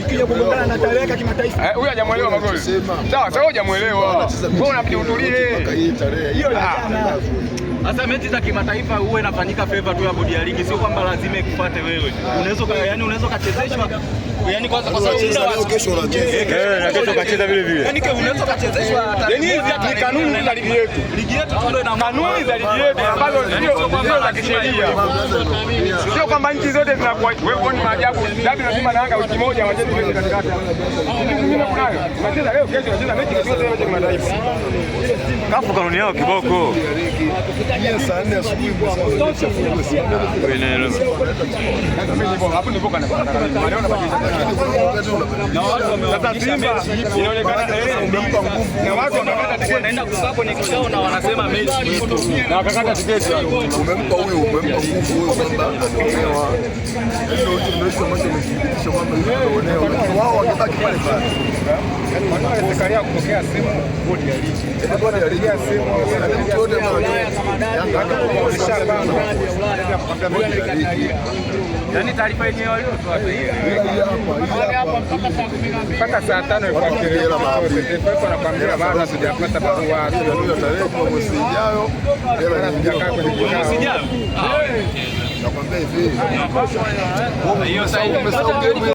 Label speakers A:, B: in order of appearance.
A: ikija kugongana na tarehe ya kimataifa. Eh, Huyo hajamuelewa magoli. Sawa sawa, hujamuelewa. Wewe unabidi utulie. Hiyo ah,
B: ndio Hasa mechi za kimataifa huwa inafanyika favor tu ya bodi ya ligi, sio kwamba lazima kupate wewe. Unaweza yani unaweza kachezeshwa yani kwanza kwa sababu
C: kesho unacheza. Eh, eh na kesho kacheza vile vile.
B: Yani unaweza kachezeshwa eh,
A: yani hizi ni kanuni za ligi yetu.
B: Ligi yetu ndio ina
A: kanuni za ligi yetu ambazo sio sio za kisheria. Sio kwamba nchi zote zinakuwa wewe uone maajabu. Dabi lazima na Yanga wiki moja wacheze mechi katikati. Mimi kunayo. Unacheza leo kesho unacheza mechi kesho leo kimataifa.
D: Kafu kanuni yao kiboko.
C: Tuliingia saa nne asubuhi umempa huyu, umempa nguvu kwamba umeonewa. Ambacho kwamba
A: umeonewa, wao wangebaki pale pale.
B: Serikali yaani kupokea simu, bodi ya ligi,
A: bodi ya ligi, simu yote
B: yaani taarifa yenyewe
A: mpaka saa tano sijapata
C: barua